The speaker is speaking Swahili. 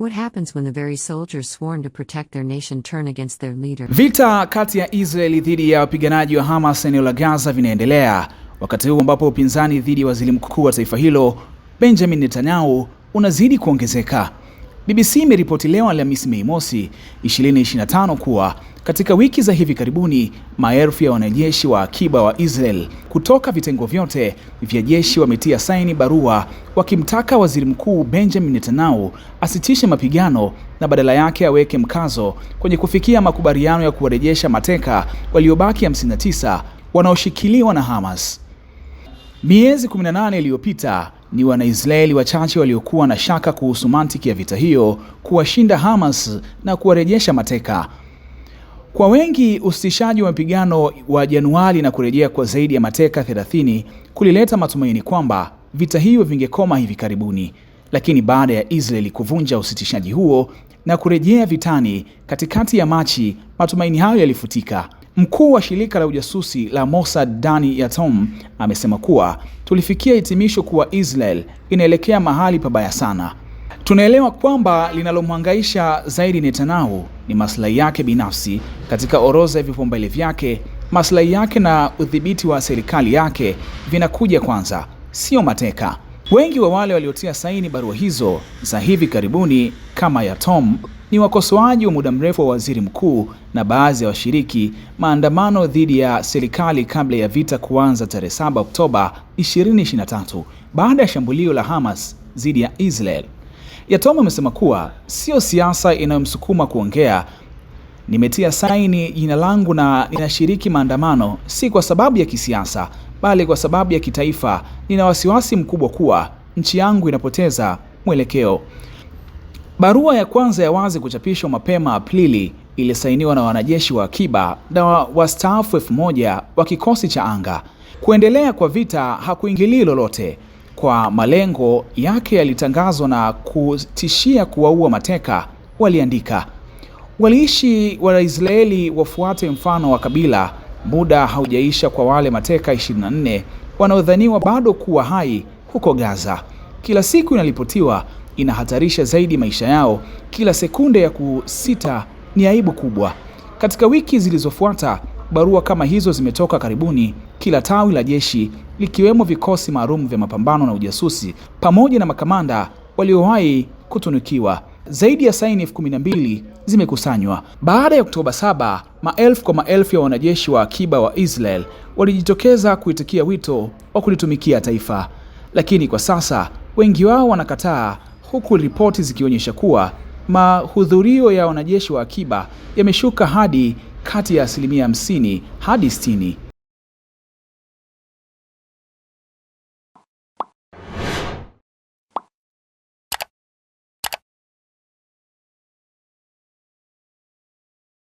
What happens when the very soldiers sworn to protect their nation turn against their leader? Vita kati ya Israeli dhidi ya wapiganaji wa Hamas eneo la Gaza vinaendelea, wakati huu ambapo upinzani dhidi ya waziri mkuu wa taifa hilo Benjamin Netanyahu unazidi kuongezeka. BBC imeripoti leo Alhamisi Mei Mosi 2025 kuwa katika wiki za hivi karibuni, maelfu ya wanajeshi wa akiba wa Israel kutoka vitengo vyote vya jeshi wametia saini barua wakimtaka Waziri Mkuu Benjamin Netanyahu asitishe mapigano na badala yake aweke mkazo kwenye kufikia makubaliano ya kuwarejesha mateka waliobaki 59 wanaoshikiliwa na Hamas. Miezi 18 iliyopita ni Wanaisraeli wachache waliokuwa na shaka kuhusu mantiki ya vita hiyo kuwashinda Hamas na kuwarejesha mateka. Kwa wengi usitishaji wa mapigano wa Januari na kurejea kwa zaidi ya mateka 30 kulileta matumaini kwamba vita hivyo vingekoma hivi karibuni, lakini baada ya Israeli kuvunja usitishaji huo na kurejea vitani katikati ya Machi, matumaini hayo yalifutika. Mkuu wa shirika la ujasusi la Mossad Dani Yatom amesema kuwa tulifikia hitimisho kuwa Israel inaelekea mahali pabaya sana. Tunaelewa kwamba linalomhangaisha zaidi Netanyahu ni maslahi yake binafsi. Katika orodha ya vipaumbele vyake, maslahi yake na udhibiti wa serikali yake vinakuja kwanza, sio mateka. Wengi wa wale waliotia saini barua hizo za hivi karibuni kama ya Tom ni wakosoaji wa muda mrefu wa waziri mkuu na baadhi ya washiriki maandamano dhidi ya serikali kabla ya vita kuanza tarehe 7 Oktoba 2023 baada ya shambulio la Hamas dhidi ya Israel. Yatoma amesema kuwa sio siasa inayomsukuma kuongea. Nimetia saini jina langu na ninashiriki maandamano, si kwa sababu ya kisiasa, bali kwa sababu ya kitaifa. Nina wasiwasi mkubwa kuwa nchi yangu inapoteza mwelekeo. Barua ya kwanza ya wazi kuchapishwa mapema Aprili ilisainiwa na wanajeshi wa akiba na wastaafu elfu moja wa kikosi cha anga. Kuendelea kwa vita hakuingilii lolote, kwa malengo yake yalitangazwa na kutishia kuwaua mateka. Waliandika, waliishi Waisraeli wafuate mfano wa Kabila. Muda haujaisha kwa wale mateka 24 wanaodhaniwa bado kuwa hai huko Gaza. Kila siku inalipotiwa inahatarisha zaidi maisha yao. Kila sekunde ya kusita ni aibu kubwa. Katika wiki zilizofuata, Barua kama hizo zimetoka karibuni kila tawi la jeshi likiwemo vikosi maalum vya mapambano na ujasusi pamoja na makamanda waliowahi kutunukiwa. Zaidi ya saini elfu kumi na mbili zimekusanywa. Baada ya Oktoba saba, maelfu kwa maelfu ya wanajeshi wa akiba wa Israel walijitokeza kuitikia wito wa kulitumikia taifa, lakini kwa sasa wengi wao wanakataa, huku ripoti zikionyesha kuwa mahudhurio ya wanajeshi wa akiba yameshuka hadi kati ya asilimia 50 hadi 60